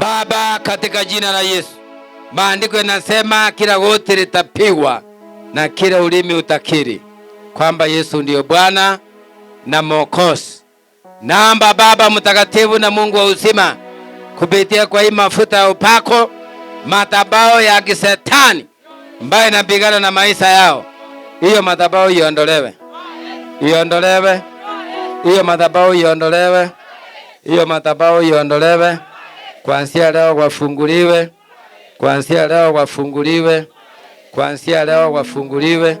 Baba, katika jina la Yesu. Maandiko yanasema kila goti litapigwa na kila ulimi utakiri kwamba Yesu ndiyo Bwana na Mwokozi. Naomba Baba mtakatifu na Mungu wa uzima, kupitia kwa hii mafuta ya upako, madhabahu ya kisetani ambayo inapigana na maisha yao, hiyo madhabahu iondolewe, iondolewe, hiyo madhabahu iondolewe, hiyo madhabahu iondolewe. Kuanzia leo wafunguliwe, kuanzia leo wafunguliwe, kuanzia leo wafunguliwe.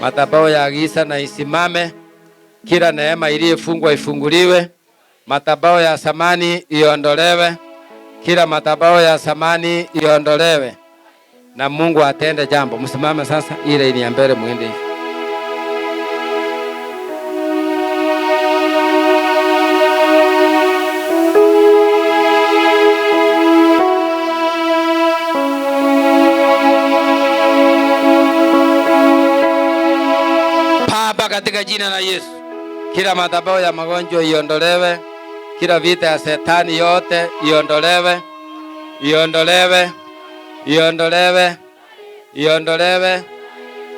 Madhabahu ya giza na isimame, kila neema iliyofungwa ifunguliwe, madhabahu ya samani iondolewe, kila madhabahu ya samani iondolewe, na Mungu atende jambo. Msimame sasa, ile ni ya mbele, muende hivi. katika jina la Yesu. Kila madhabahu ya magonjwa iondolewe, kila vita ya setani yote iondolewe, iondolewe, iondolewe, iondolewe,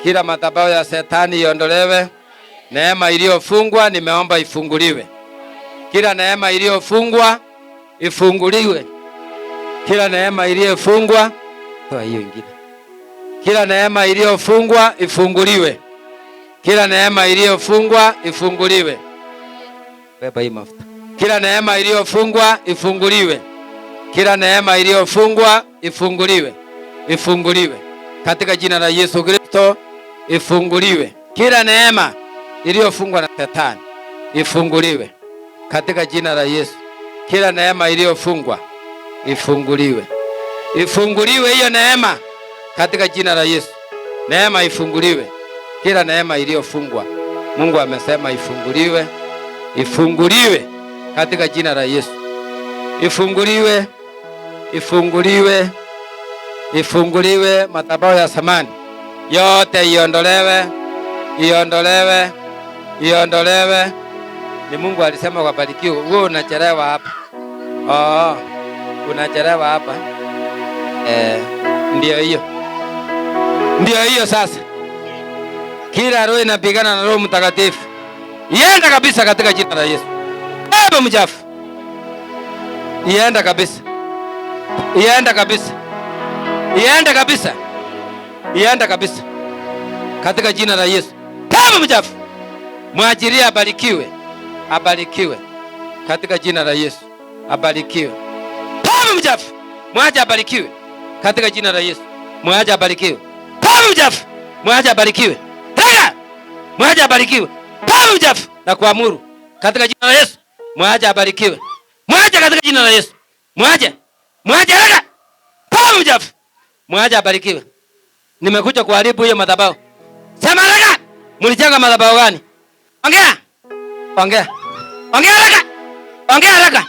kila madhabahu ya setani iondolewe. Neema iliyofungwa nimeomba ifunguliwe, kila neema iliyofungwa ifunguliwe, kila neema iliyofungwa, toa hiyo ingine, kila neema iliyofungwa ifunguliwe kila neema iliyofungwa ifunguliwe. Beba hii mafuta. Kila neema iliyofungwa ifunguliwe. Kila neema iliyofungwa ifunguliwe. Ifunguliwe. Katika jina la Yesu Kristo ifunguliwe. Kila neema iliyofungwa na Shetani ifunguliwe. Katika jina la Yesu. Kila neema iliyofungwa ifunguliwe. Ifunguliwe hiyo neema katika jina la Yesu. Neema ifunguliwe. Kila neema iliyofungwa Mungu amesema ifunguliwe, ifunguliwe katika jina la Yesu, ifunguliwe, ifunguliwe, ifunguliwe. Madhabahu ya samani yote iondolewe, iondolewe, iondolewe. Ni Mungu alisema kwa barikio, wewe unachelewa hapa. Oh, unachelewa hapa eh, ndio hiyo, ndio hiyo sasa kila roho inapigana na Roho Mtakatifu ienda kabisa katika jina la Yesu. Baba mchafu ienda kabisa, ienda kabisa, ienda kabisa, ienda kabisa katika jina la Yesu. Baba mchafu mwajiria abarikiwe, abarikiwe katika jina la Yesu, abarikiwe. Baba mchafu mwaje abarikiwe katika jina la Yesu, mwaje abarikiwe. Baba mchafu mwaje abarikiwe mwaje abarikiwe. Pawe ujafu na kuamuru katika jina la Yesu, mwaje abarikiwe, mwaje katika jina la Yesu, mwaje, mwaje haraka. Pawe ujafu, mwaje abarikiwe. Nimekuja kuharibu hiyo madhabahu. Sema haraka, mlijenga madhabahu gani? Ongea, ongea, ongea haraka, ongea haraka,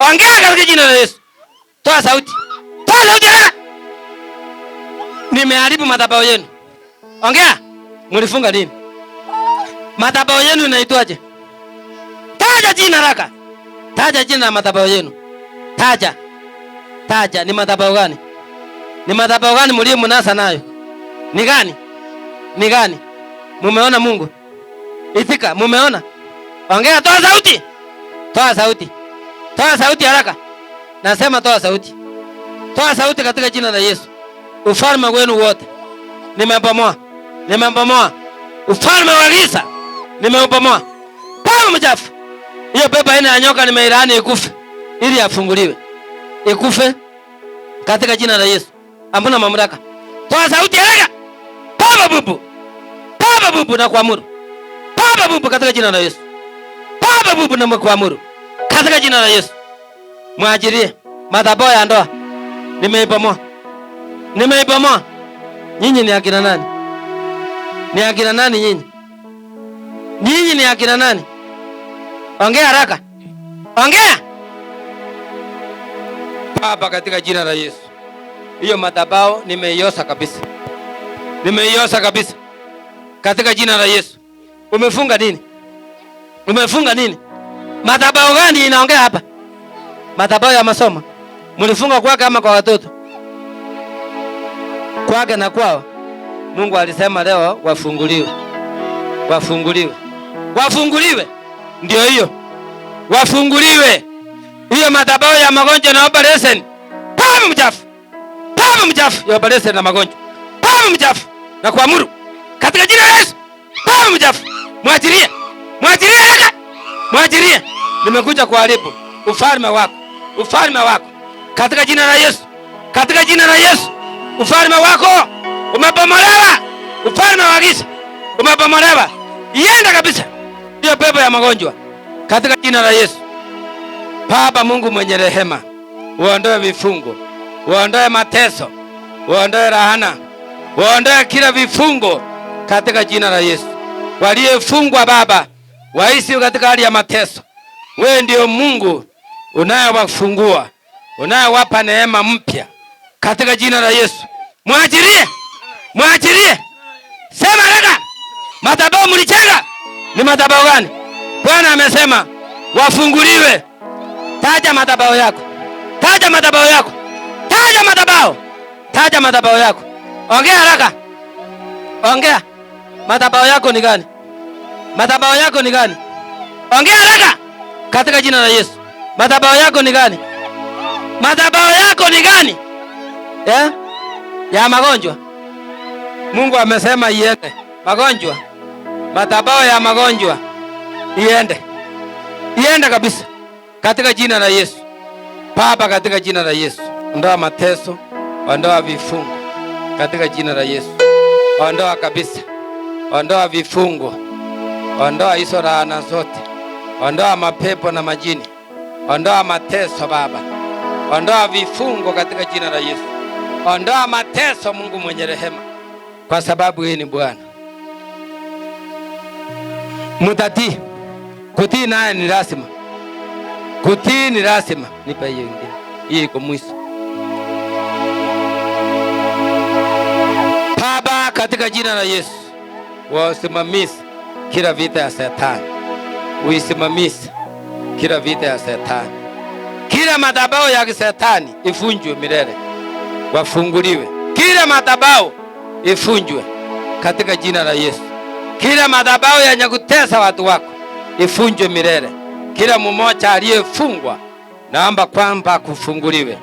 ongea katika jina la Yesu. Toa sauti, toa sauti haraka. Nimeharibu madhabahu yenu. Ongea, mlifunga nini? Madhabahu yenu inaitwaje? Taja jina raka, Taja jina la madhabahu yenu. Taja. Taja ni madhabahu gani? Ni madhabahu gani mlio mnasa nayo? Ni gani? Ni gani? Mumeona Mungu? Ifika, mumeona? Ongea, toa sauti. Toa sauti. Toa sauti haraka. Nasema toa sauti. Toa sauti katika jina la Yesu. Ufalme wenu wote. Nimebomoa. Nimebomoa. Ufalme wa giza nimeubomoa. Paa mchafu. Hiyo pepo aina ya nyoka nimeilaani ikufe ili afunguliwe. Ikufe katika jina la Yesu. Ambona mamlaka. Kwa sauti haya. Paa bubu. Paa bubu na kuamuru. Paa bubu katika jina la Yesu. Paa bubu na kuamuru. Katika jina la Yesu. Mwajirie madhabahu ya ndoa. Nimeibomoa. Nimeibomoa. Nyinyi ni akina nani? Ni akina nani nyinyi? Nyinyi ni akina nani? Ongea haraka, ongea. Baba, katika jina la Yesu, hiyo madhabahu nimeiosa kabisa, nimeiosa kabisa katika jina la Yesu. Umefunga nini? Umefunga nini? Madhabahu gani inaongea hapa? Madhabahu ya masomo mulifunga kwake ama kwa watoto kwake na kwao? Mungu alisema leo wafunguliwe, wafunguliwe wafunguliwe. Ndio hiyo, wafunguliwe hiyo madhabahu ya magonjwa na operation. Tamu mchafu, tamu mchafu ya operation na magonjwa, tamu mchafu na kuamuru katika jina la Yesu, tamu mchafu, mwajirie, mwajirie haka, mwajirie. Nimekuja kuharibu ufalme wako, ufalme wako katika jina la Yesu, katika jina la Yesu. Ufalme wako umebomolewa, ufalme wa giza umebomolewa, ienda kabisa. Ninakuja pepo ya magonjwa katika jina la Yesu. Baba Mungu mwenye rehema, uondoe vifungo, uondoe mateso, uondoe lahana, uondoe kila vifungo katika jina la Yesu. Waliyefungwa Baba waishi katika hali ya mateso, wewe ndio Mungu unayewafungua, unayewapa neema mpya katika jina la Yesu. Mwajirie, mwajirie, sema rada, madhabahu mlichega ni madhabahu gani? Bwana amesema wafunguliwe. Taja madhabahu yako, taja madhabahu yako, taja madhabahu, taja madhabahu yako. Ongea haraka, ongea. Madhabahu yako ni gani? Madhabahu yako ni gani? Ongea haraka, katika jina la Yesu. Madhabahu yako ni gani? Madhabahu yako ni gani? Yeah? ya magonjwa. Mungu amesema iweke magonjwa madhabahu ya magonjwa iende, iende kabisa katika jina la Yesu. Baba, katika jina la Yesu, ondoa mateso, ondoa vifungo katika jina la Yesu, ondoa kabisa, ondoa vifungo, ondoa hizo laana zote, ondoa mapepo na majini, ondoa mateso Baba, ondoa vifungo katika jina la Yesu, ondoa mateso Mungu mwenye rehema, kwa sababu yeye ni Bwana mutatii. Kutii naye ni lazima, kutii ni lazima. Nipa hiyo ingine, hiyo iko mwisho. Baba, katika jina la Yesu, wasimamishe kila vita ya Shetani, uisimamishe kila vita ya Shetani, kila madhabahu ya Shetani ifunjwe milele, wafunguliwe kila madhabahu ifunjwe katika jina la Yesu, kila madhabahu ya nyaku kutesa watu wako ifunjwe milele. Kila mumoja aliyefungwa naomba kwamba akufunguliwe,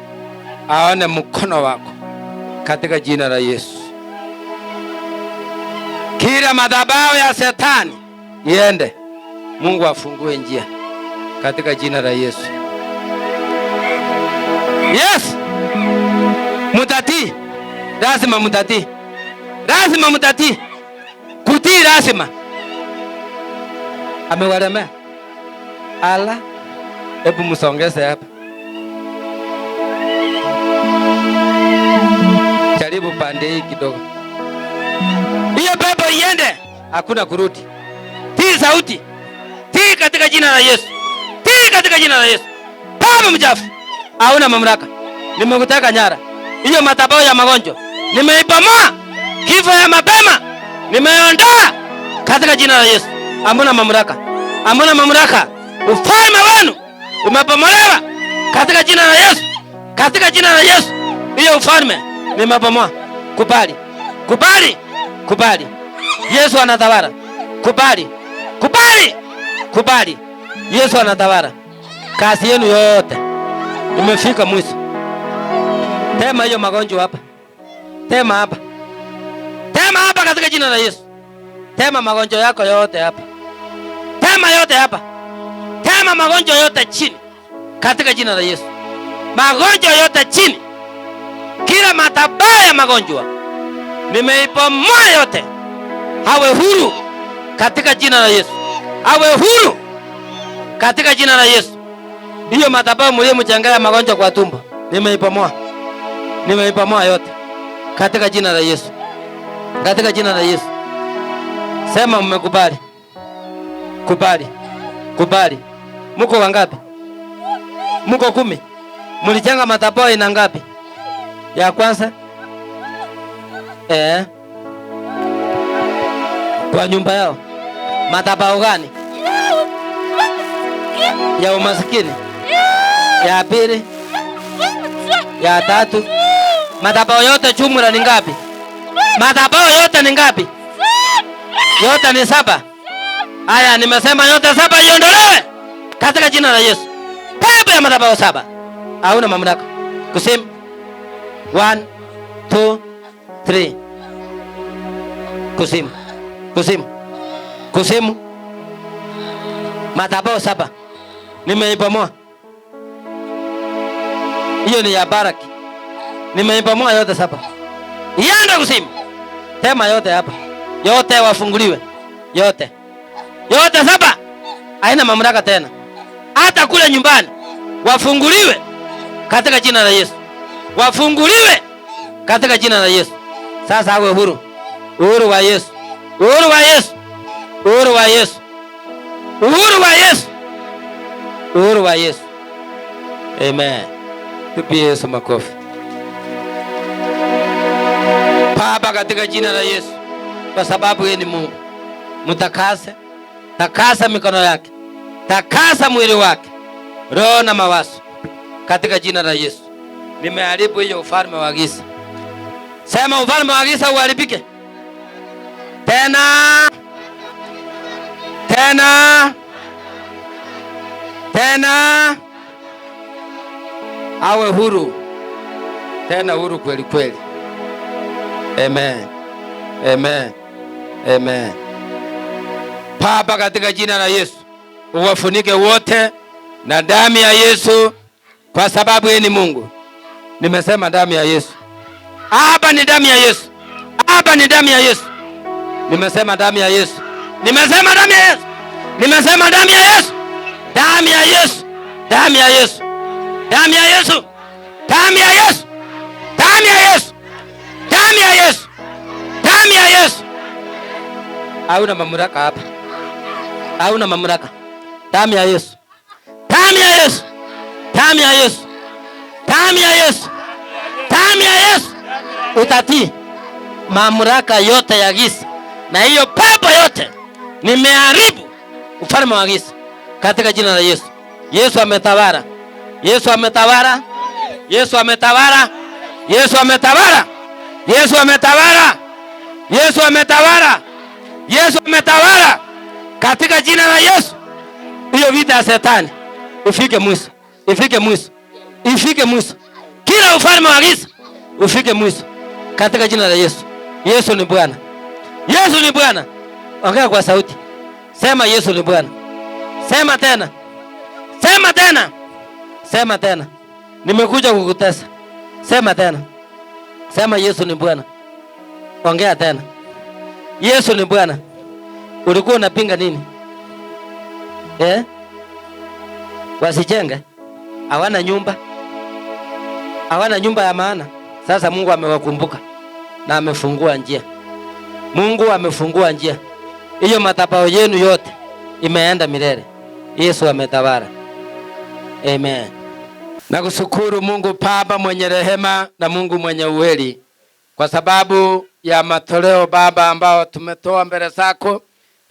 aone mkono wako katika jina la Yesu. Kila madhabahu ya shetani iende, Mungu afungue njia katika jina la Yesu. Yes, mutati lazima mutati lazima mutati kutii lazima amewaremea. Ala, hebu msongeze hapa, jaribu pande hii kidogo, hiyo pepo iende, hakuna kurudi. Tii sauti, tii katika jina la Yesu, tii katika jina la Yesu. Pepo mchafu hauna mamlaka, nimekuteka nyara. Hiyo matabao ya magonjwa nimeibomoa, kifo ya mapema nimeondoa katika jina la Yesu ambona mamlaka, ambona mamlaka. Ufalme wenu umebomolewa katika jina la Yesu, katika jina la Yesu. Hiyo ufalme nimebomoa. Kubali, kubali, kubali. Yesu anatawala. Kubali, kubali, kubali. Yesu anatawala. Kazi yenu yote imefika mwisho. Tema hiyo magonjwa hapa, tema hapa, tema hapa katika jina la Yesu. Tema magonjwa yako yote hapa. Tema yote hapa, tema magonjwa yote chini katika jina la Yesu, magonjwa yote chini, kila matabaa ya magonjwa nimeipomoa yote, awe huru katika jina la Yesu, awe huru katika jina la Yesu. Hiyo matabaa mliyemchanganya magonjwa kwa tumbo nimeipomoa, nimeipomoa yote katika jina la Yesu, katika jina la Yesu. Sema mmekubali. Kubali, kubali. Muko wangapi? Muko kumi? Mulijenga madhabahu ina ngapi? Ya kwanza eh, kwa nyumba yao. Madhabahu gani? Ya umasikini. Ya pili, ya tatu. Madhabahu yote jumla ni ngapi? Madhabahu yote ni ngapi? Yote ni saba. Haya, nimesema nyota saba iondolewe katika jina la Yesu. Pepo ya madhabahu saba hauna mamlaka kusema 1 2 3 kusimu kusimu kusimu, madhabahu saba nimeibomoa. Hiyo ni ya Baraki, nimeibomoa yote saba, yanda kusimu, tema yote hapa, yote wafunguliwe yote yote saba haina mamlaka tena, hata kule nyumbani. Wafunguliwe katika jina la Yesu, wafunguliwe katika jina la Yesu. Sasa awe huru, uhuru wa Yesu, uhuru wa Yesu, uhuru wa Yesu, uhuru wa Yesu, uhuru wa Yesu. Amen. Tupie Yesu makofi. Baba, katika jina la Yesu, kwa sababu yeye ni Mungu, mtakase takasa mikono yake, takasa mwili wake, roho na mawazo, katika jina la Yesu. Nimeharibu hiyo ufalme wa giza. Sema ufalme wa giza uharibike tena tena tena, awe huru tena, huru kweli kweli. Amen, amen, amen. Baba, katika jina la Yesu uwafunike wote na damu ya Yesu, kwa sababu yeye ni Mungu. Nimesema damu ya Yesu. Hapa ni damu ya Yesu, hapa ni damu ya Yesu. Nimesema damu ya Yesu, nimesema damu ya Yesu, nimesema damu ya Yesu, damu ya Yesu, damu ya Yesu, damu ya Yesu, damu ya Yesu, damu ya Yesu, damu ya Yesu, damu ya Yesu. Hauna mamlaka hapa hauna mamlaka. Damu ya Yesu, damu ya Yesu, damu ya Yesu, damu ya Yesu, damu ya Yesu, utatii mamlaka yote ya giza na hiyo pepo yote. Nimeharibu ufalme wa giza katika jina la Yesu. Yesu ametawala, Yesu ametawala, Yesu ametawala, Yesu ametawala, Yesu ametawala, Yesu ametawala, Yesu ametawala. Katika jina la Yesu, hiyo vita ya Shetani ifike mwisho, ifike mwisho, ifike mwisho. Kila ufalme wa giza ufike mwisho katika jina la Yesu. Yesu ni Bwana, Yesu ni Bwana. Ongea kwa sauti, sema Yesu ni Bwana. Sema tena, sema tena, sema tena, nimekuja kukutesa. Sema tena, sema Yesu ni Bwana. Ongea tena, Yesu ni Bwana. Ulikuwa unapinga nini eh? Wasijenge, hawana nyumba, hawana nyumba ya maana. Sasa Mungu amewakumbuka na amefungua njia. Mungu amefungua njia, hiyo madhabahu yenu yote imeenda milele. Yesu ametawala, amen. Nakushukuru Mungu Baba mwenye rehema na Mungu mwenye uweli kwa sababu ya matoleo Baba ambao tumetoa mbele zako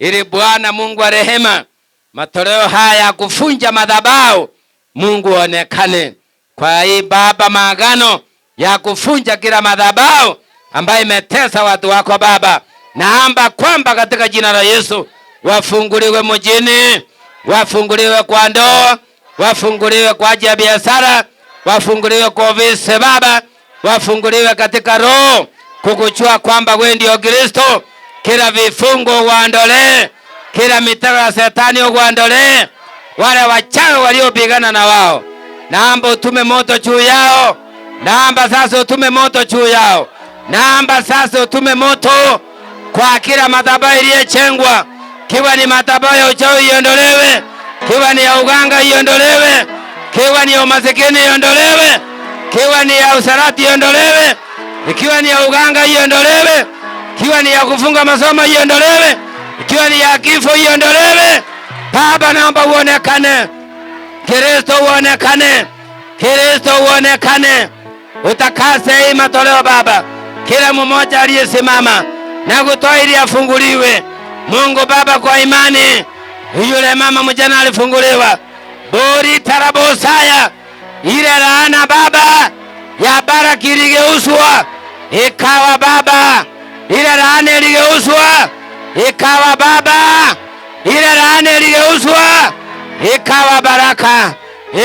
ili Bwana Mungu wa rehema, matoleo haya ya kufunja madhabahu, Mungu aonekane kwa hii Baba, maagano ya kufunja kila madhabahu ambayo imetesa watu wako Baba. Naomba kwamba katika jina la Yesu wafunguliwe mjini, wafunguliwe kwa ndoa, wafunguliwe kwa ajili ya biashara, wafunguliwe kwa ofisi Baba, wafunguliwe katika roho kukuchua kwamba wewe ndio Kristo kila vifungo uwaondolee, kila mitego ya shetani uwaondolee, wale wachawi waliopigana na wao. Naomba utume moto juu yao, naomba sasa utume moto juu yao, naomba sasa utume moto kwa kila madhabahu iliyojengwa, kiwa ni madhabahu ya uchawi iondolewe, kiwa ni ya uganga iondolewe, kiwa ni ya umasikini iondolewe, kiwa ni ya usalati iondolewe, ikiwa ni ya uganga iondolewe ikiwa ni ya kufunga masomo iondolewe, ikiwa ni ya kifo iondolewe. Baba, naomba uonekane, Kristo uonekane, Kristo uonekane, utakase hii matoleo Baba, kila mmoja aliyesimama na kutoa ili afunguliwe. Mungu Baba, kwa imani yule mama mjana alifunguliwa bori tarabosaya, ile laana Baba ya bara kiligeuswa ikawa Baba ile laana iligeuzwa ikawa baba, ile laana iligeuzwa ikawa baraka,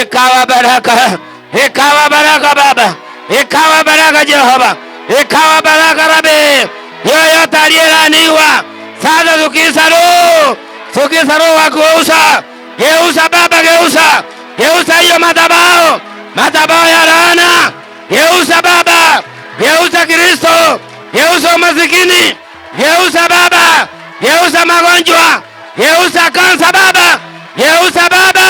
ikawa baraka, ikawa baraka Baba, ikawa baraka Jehova, ikawa baraka Rabi. Yoyote aliyelaaniwa sasa, sukisa roho, sukisa roho wa kugeuza, geuza Baba, geuza, geuza hiyo madhabahu, madhabahu ya laana, geuza Baba, geuza Kristo geuza umasikini, geuza Baba, geuza magonjwa, geuza kansa Baba, geuza Baba,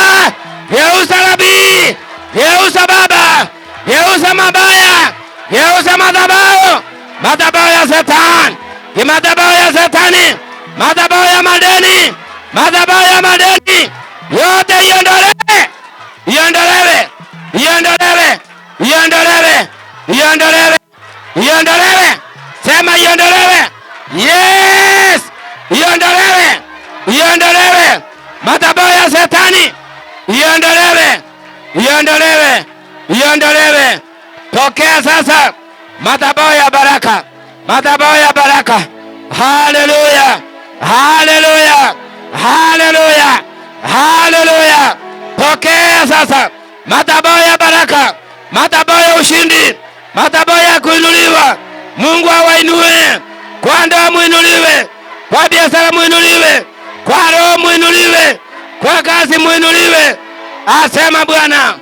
geuza Rabii, geuza Baba, geuza mabaya, geuza madhabahu, madhabahu ya Shetani, kimadhabahu ya Shetani, madhabahu ya madeni, madhabahu ya madeni yote iondolewe, iondolewe, iondolewe, iondolewe, iondolewe, iondolewe Sema iondolewe. Yes! Iondolewe. Iondolewe. Madhabahu ya Shetani. Iondolewe. Iondolewe. Iondolewe. Pokea sasa madhabahu ya baraka. Madhabahu ya baraka. Haleluya. Haleluya. Haleluya. Haleluya. Pokea sasa madhabahu ya baraka. Madhabahu ya ushindi. Madhabahu ya kuinuliwa. Mungu awainue kwa ndoa, mwinuliwe kwa biashara, mwinuliwe kwa roho, mwinuliwe kwa kazi, mwinuliwe asema Bwana.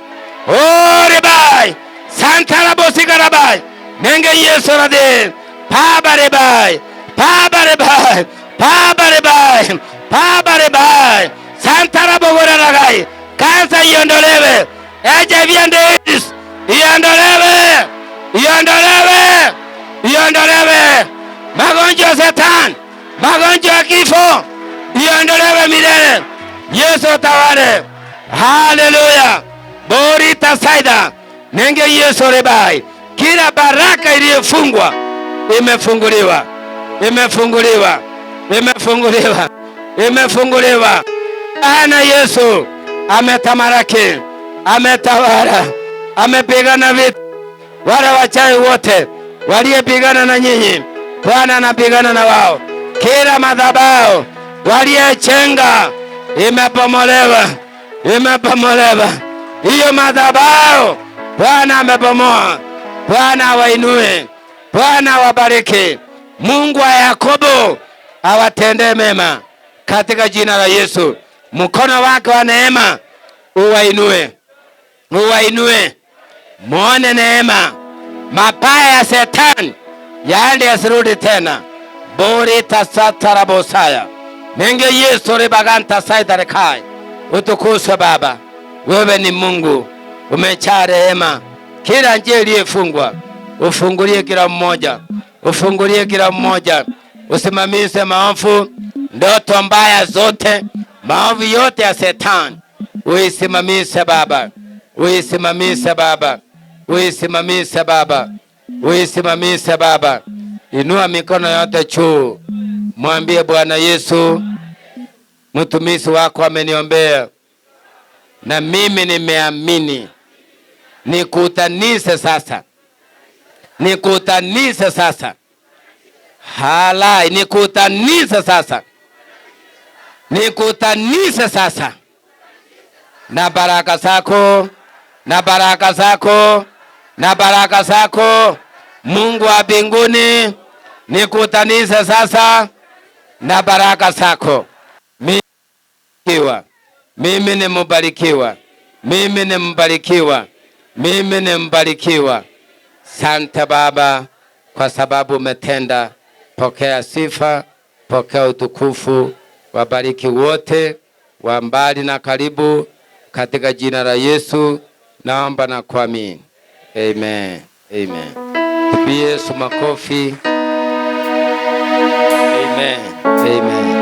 oribai santarabosikarabay nenge yesorade pabarebay pabarebay pabarebay pabarebay santarabogoraragay kansa iondolewe, HIV and AIDS iondolewe, iondolewe iondolewe. Magonjwa ya Shetani, magonjwa ya kifo iondolewe milele. Yesu tawale. Haleluya, bori tasaida nenge Yesu rebai. Kila baraka iliyofungwa imefunguliwa, imefunguliwa, imefunguliwa, imefunguliwa. Ana Yesu ametamaraki, ametawala, amepigana vita wale wachawi wote waliyepigana na nyinyi, Bwana anapigana na wao. Kila madhabahu waliyechenga imepomolewa, imepomolewa hiyo madhabahu. Bwana amepomoa. Bwana awainue, Bwana awabariki. Mungu wa Yakobo awatendee mema katika jina la Yesu. Mkono wake wa neema uwainue, uwainue, muone neema mabaya ya Shetani yaende yasirudi tena boritasatharabosaya ninge Yesu ribagantasaidarekai. Utukuzwe Baba, wewe ni Mungu, umejaa rehema, kila njia iliyofungwa ufungulie kila mmoja, ufungulie kila mmoja, usimamize maovu, ndoto mbaya zote, maovu yote ya Shetani uisimamise Baba, uisimamise Baba uisimamishe Baba, uisimamishe Baba. Inua mikono yote juu, mwambie Bwana Yesu, mtumishi wako ameniombea na mimi nimeamini, nikutanishe sasa, nikutanishe sasa halai, nikutanishe sasa, nikutanishe sasa na baraka zako, na baraka zako na baraka zako Mungu wa mbinguni, nikutanize sasa na baraka zako. Mimi nimebarikiwa, mimi nimebarikiwa, mimi ni mimi nimebarikiwa. Sante Baba kwa sababu umetenda. Pokea sifa, pokea utukufu. Wabariki wote wa mbali na karibu, katika jina la Yesu naomba na kuamini. Amen. Amen. Pigie Yesu makofi. Amen. Amen.